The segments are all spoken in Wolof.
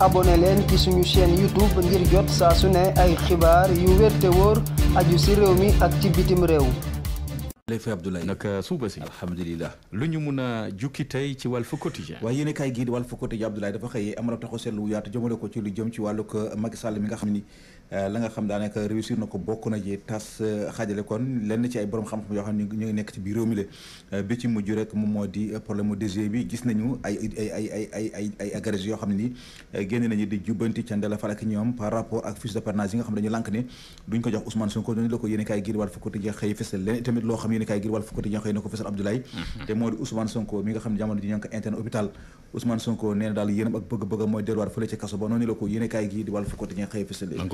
abonné leen ci suñu chaîne YouTube ngir jot saa su ne ay xibaar yu wér te wóor aju si réew mi ak ci bitim réew. Lefe Abdoulaye naka suuba si alhamdulilah lu ñu mun a jukki tey ci Walf Quotidien waaye yéen a kay gii di Walf Quotidien Abdoulaye dafa xëyee am na taxaw seetlu yaatu jëmale ko ci lu jëm ci wàllu mag Sall mi nga xam ni Euh, la nga xam daanaka réussir na ko bokk na ji tas euh, xaajale kon lenn ci ay borom xam-xam yoo xam ne ñu ngi nekk ci biir réew mi la euh, bi ci mujj rek moom moo di problème mu bi gis nañu ay ay ay ay yoo xam ni génn nañu di jubbanti ca Ndelafal ak ñoom par rapport ak fiche de parrainage yi nga xam dañu lànk ne duñ ko jox Ousmane Sonko noonu la ko yéen kaay giir wàll fukki di xëy fësal leneen tamit loo xam yéen kaay di xëy na ko fësal Abdoulaye mm-hmm.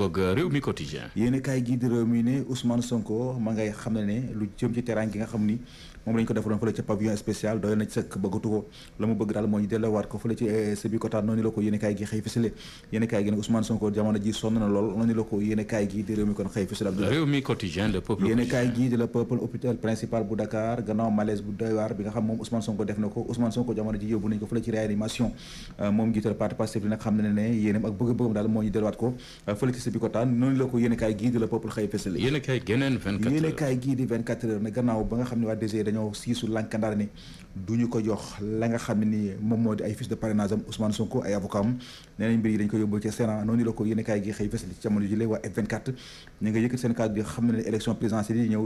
te réew mi quotidien yéen kaay di réew mi ne Ousmane Sonko ma ngay xam ne ne lu jëm ci terrain gi nga xam ni moom lañ ko defaloon fële ci sëkk bëggatu ko la ko fële ci eh, réew mi quotidien moom euh, jiital parti Pastef li xam ne ne yéenam ak bëgg-bëggam daal moo ñu delluwaat ko euh, fële ci Sébikotane waxtaan noonu la ko yéen a kaay gii di la peuple xëy fësale yéen a kaay geneen 24 heures yéen a gii di 24 heures ne gannaaw ba nga xam ne waa DG dañoo siisu lànkandaar ni du ko jox la nga xam ni moom moo ay fiche de parrainage am Ousmane ay avocat am nee nañ mbir yi dañ ko yóbbu ca Sénat noonu la ko yéen a xëy fësale ci jamono ji waa F24 ñu nga yëkkati seen kàddu di xam ne élection présidentielle yi ñëw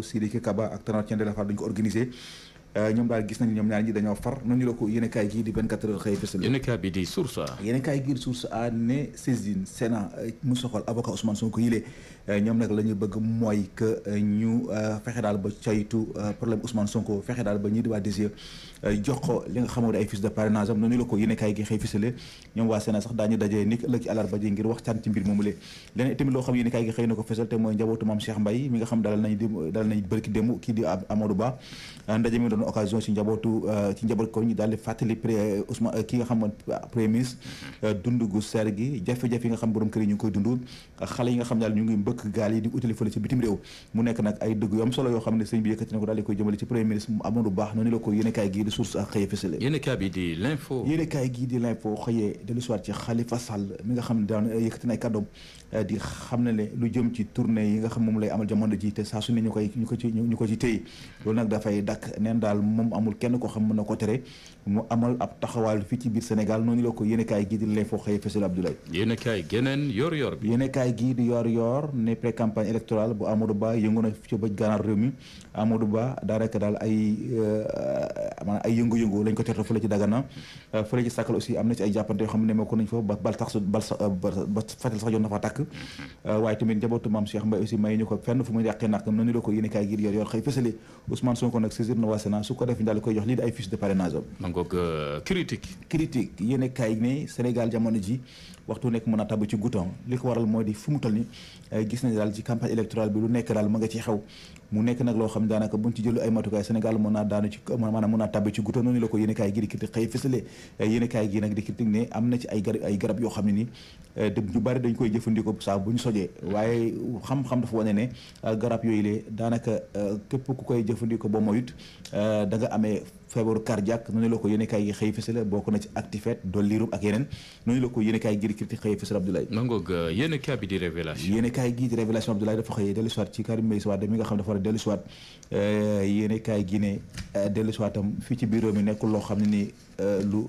Euh, ñoom daal gis nañ ñoom ñaar ñi dañoo far noonu la ko yéenekaay gii di 24 heures xëy fësal yéenekaay bi di Source A yéenekaay gii di Source A ne saisine Sénat euh, mu soxal avocat Ousmane Sonko yilee euh, ñoom nag la ñu bëgg mooy que ñu fexe daal ba caytu problème Ousmane Sonko fexe daal ba ñii di waa DG jox ko li nga xamoo di ay fiches ñoom waa Sénat sax daañu dajee ni ëllëg ci àllarba ji ngir waxtaan ci mbir moomu lee leneen tamit loo xam yéenekaay gi xëy na ko fësal te mooy njabootu maam Ba doon occasion ci njabootu euh, ci njaboot ko ñu daal di fàttali pré euh, Ousmane euh, ki nga xam premier ministre mm-hmm. dund gu seer gi jafe-jafe yi nga xam borom kër yi ñu ngi koy yi nga xam daal ñu la ko yéene kaay gii di na ay kàddoom di moom lay amal jamono ji te saa su ñu koy ñu ko ñu ko ci téy loolu nag dafay dakk neen daal Sénégal moom amul kenn ko xam mën na bi. yéenekaay gi di yor-yor ne pré-campagne électorale Ba yëngu na ci Ba daanaka daal ay euh, maanaam ay yëngu-yëngu lañ ko teertoo fële ci Dagana euh, am fa ba bal euh, ba fatel sax jot na fa tàkk waaye tamit njabootu maam Cheikh Mbaye aussi may ñu ko fenn fu mu yàqee nag noonu la ko yéenekaay gi di yor-yor xëy fësale Ousmane Sonko nag saisir na waa Sénat su ko def ñu daal koy jox lii di ay fiche de parrainage am. ma ngoog euh, critique. critique yéen kaay ni Sénégal jamono ji waxtu nekk mën a tabb ci gouton li ko waral mooy di fu mu toll ni gis nañ daal ci campagne électorale bi lu nekk daal mu nga ci xew mu nekk nag loo xam ne daanaka buñ ci jëlu ay matukaay Sénégal mën naa daanu ci maanaam mën naa tabbi ci guta noonu la ko yéen kaay gi di critique xëy fësale eh, yéen kaay gi nag di critique ne am na ci ay garab ay garab yoo xam ne ni eh, ñu bari dañ koy jëfandikoo saa bu ñu sojee waaye xam-xam dafa wane ne eh, garab yooyu lee daanaka képp ku koy jëfandikoo ba moyut da nga amee feebaru cardiaque noonu la ko yéen kaay yi xëy fësal bokk na ci actifet dool liirub ak yeneen noonu la ko yéen kaay gi critique xëy fësal Abdoulaye mangoog euh, yéen kaay bi di révélation yéen kaay gi di révélation Abdoulaye dafa xëy dellu siwaat ci Karim Meïssa Wade a dellu euh, kaay gi ne euh, dellu siwaatam fii ci bureau mi nekkul loo xam ne ni lu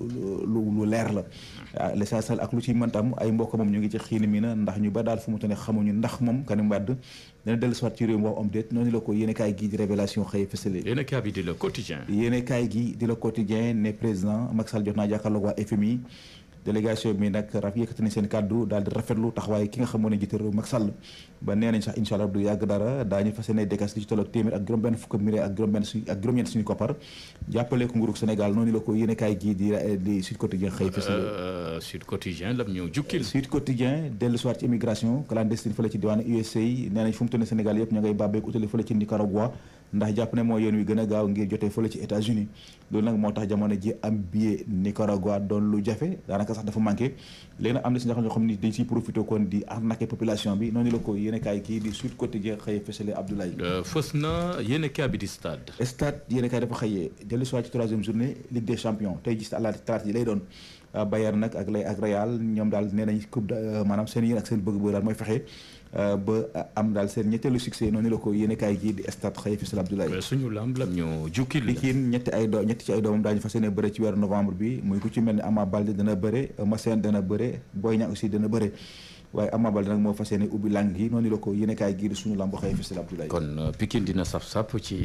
lu lu leer la l'essentiel ak lu ci mënta tam ay mbokk moom ñu ngi ci xiini mi na ndax ñu ba daal fu mu tane xamuñu ndax moom Karim Wade dana dellu soit ci réew mi wax am déet noonu la ko yéen kaay gi di révélation xëy fësale yéen kaay bi di la quotidien yéen kaay gi di la quotidien ne président Macky Sall jot naa jàkkaarloog waa FMI délégation bi nag raf yëkkati nañ seen kàddu daal di rafetlu taxawaay ki nga xam moo ne jiite réew Macky Sall ba nee nañ sax incha allah du yàgg dara daañu fas yéene dékas li ci tolloog téeméer ak juróom fukk milliards ak juróom-benn suñu koppar jàppale ko Sénégal noonu la ko yéene kaay di di Quotidien xëy fësal euh, euh, Sud Quotidien Quotidien dellu soir ci immigration clandestine fële ci diwaanu USA nee nañ fu mu toll Sénégal yëpp ña ngay bàbbeeku utali ndax jàpp ne moo yoon wi gën a gaaw ngir jotee fële ci États-Unis loolu nag moo tax jamono ji am billet Nicaragua doon lu jafe daanaka sax dafa manqué léegi nag am na si ñoo xam ne dañ siy profité kon di arnaqué population bi noonu la ko yéen a kaay kii di Sud Quotidien xëye fësale Abdoulaye euh, fës na yéen a kaay bi di stade stade yéen a kaay dafa xëyee dellu si ci troisième journée Ligue des champions tey gis talaata ji lay doon Euh, Bayern nag ak lay ak Real ñoom daal nee nañ coupe euh, maanaam seen yéen ak seen bëgg-bëgg daal mooy fexe euh, ba am daal seen ñetteelu succès noonu la ko yéene kaay gii di stade Khalifa Abdoulaye suñu lamb lam ñu jukki likiin ñetti ay do ñetti ci ay doomam daañu fas yéene bëre ci weeru novembre bi muy ku ci mel ne Ama Baldé dana bëre Massène dana bëre booy Niang aussi dana bëre waaye Ama Baldé nag moo fas yéene ubbi làng yi noonu la ko yéenekaay gii di suñu lamb xëy fi si Abdoulaye kon euh, Pikine dina saf-saf ci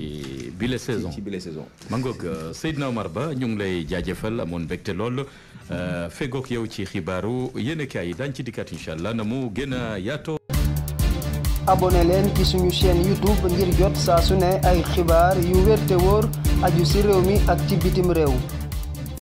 bile saison ci bile saison ma ngoog euh, Seydina Omar Ba ñu ngi lay jaajëfal amoon mbégte lool euh, fegoog yow ci xibaaru yéenekaay yi daañ ci dikkaat incha allah na mu gën a yaatoo abonné suñu chaîne YouTube ngir jot saa su ne ay xibaar yu wér te wóor aju si réew mi ak ci bitim réew